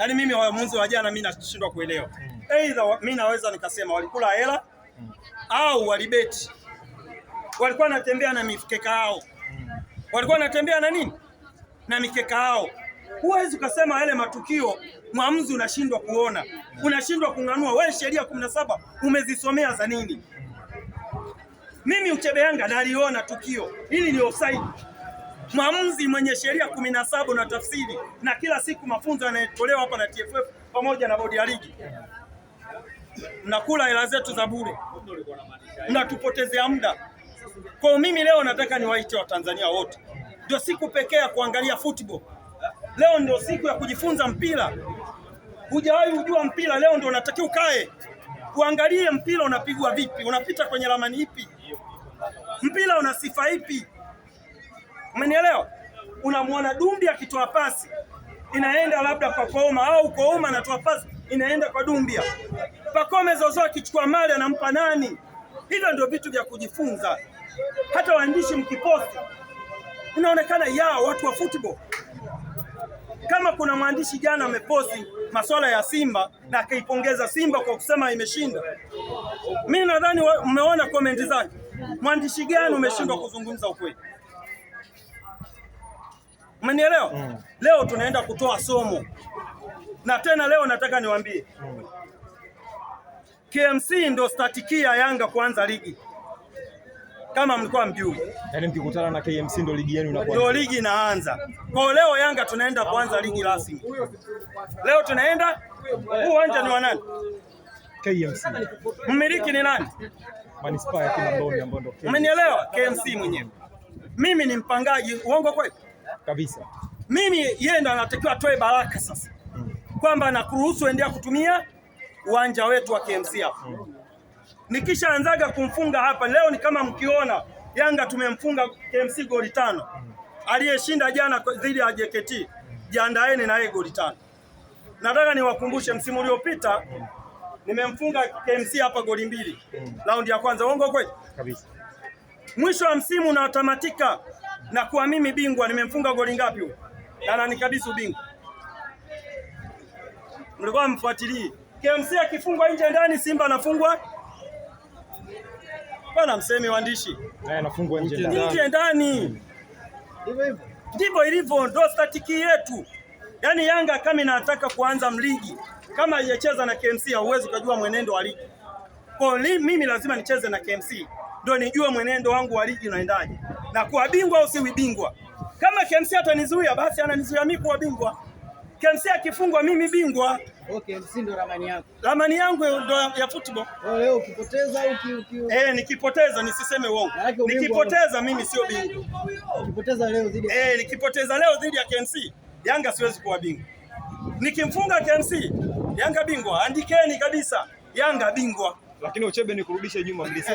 Yaani mimi waamuzi wa jana mimi nashindwa kuelewa. Either mimi naweza nikasema walikula hela au walibeti. Walikuwa wanatembea na mikeka yao. Walikuwa wanatembea na nini? Na mikeka yao. Huwezi ukasema yale matukio mwamuzi unashindwa kuona, unashindwa kung'anua. Wewe sheria kumi na saba umezisomea za nini? Mimi Uchebe Yanga naliona tukio hili ni offside mwamuzi mwenye sheria kumi na saba na tafsiri, na kila siku mafunzo yanayotolewa hapa na TFF pamoja na bodi ya ligi. Mnakula hela zetu za bure, mnatupotezea muda. Kwa mimi leo nataka niwaite Watanzania wote, ndio siku pekee ya kuangalia football. Leo ndio siku ya kujifunza mpira. Hujawahi kujua mpira, leo ndio unatakiwa ukae uangalie mpira unapigwa vipi, unapita kwenye ramani ipi, mpira una sifa ipi. Umenielewa? Unamwona Dumbi akitoa pasi inaenda labda kwa Kouma au Kouma anatoa pasi inaenda kwa Dumbia. Pakome Zozo akichukua mali anampa nani? Hivyo ndio vitu vya kujifunza. Hata waandishi mkiposti, inaonekana yao watu wa football. Kama kuna mwandishi jana ameposti masuala ya Simba na akaipongeza Simba kwa kusema imeshinda, mimi nadhani mmeona comment zake. Mwandishi gani umeshindwa kuzungumza ukweli? Umenielewa? Mm. Leo tunaenda kutoa somo na tena leo nataka niwaambie mm. KMC ndio statikia Yanga kuanza ligi kama mlikuwa mjui, yaani mkikutana na KMC ndio ligi yenu inakuwa, ndio ligi inaanza. Kwa leo Yanga tunaenda kuanza ligi rasmi. Leo tunaenda huu uwanja ni wa nani? KMC. Mmiliki ni nani? Manispaa ya Kinondoni ambayo ndio. Umenielewa? KMC mwenyewe. Mimi ni mpangaji, uongo kweli? kabisa. Mimi yeye ndo anatakiwa atoe baraka sasa kwamba nakuruhusu endea kutumia uwanja wetu wa KMC hapa. Nikisha anzaga kumfunga hapa leo, ni kama mkiona Yanga tumemfunga KMC goli tano, aliyeshinda jana dhidi ya JKT, jiandaeni na yeye goli tano. Nataka niwakumbushe msimu uliopita nimemfunga KMC hapa goli mbili, raundi ya kwanza. Uongo kweli? Kabisa. Mwisho wa msimu unaotamatika na kuwa mimi bingwa. Nimemfunga goli ngapi huyo? Na nanikabisa ubingwa. Mlikuwa mfuatilie KMC akifungwa nje ndani, Simba anafungwa bwana, msemi waandishi, naye eh, anafungwa nje ndani, nje ndani ndivyo ilivyo, ndo statiki yetu. Yaani Yanga kama inataka kuanza mligi kama haijacheza na KMC, hauwezi kujua mwenendo wa ligi. Kwa mimi lazima nicheze na KMC ndio nijue mwenendo wangu wa ligi unaendaje na kuwa bingwa au siwi bingwa. Kama KMC atanizuia basi ananizuia mimi kuwa bingwa. KMC akifungwa mimi bingwa. Okay, KMC ndo ramani yako. Ramani yangu ndo ya football. Oh, leo ukipoteza au uki Eh, nikipoteza nisiseme uongo. Nikipoteza mimi sio bingwa. Nikipoteza leo dhidi ya Eh, nikipoteza leo dhidi ya KMC, Yanga siwezi kuwa bingwa. Nikimfunga KMC, Yanga bingwa. Andikeni kabisa, Yanga bingwa. Lakini Uchebe ni kurudisha nyuma mlisi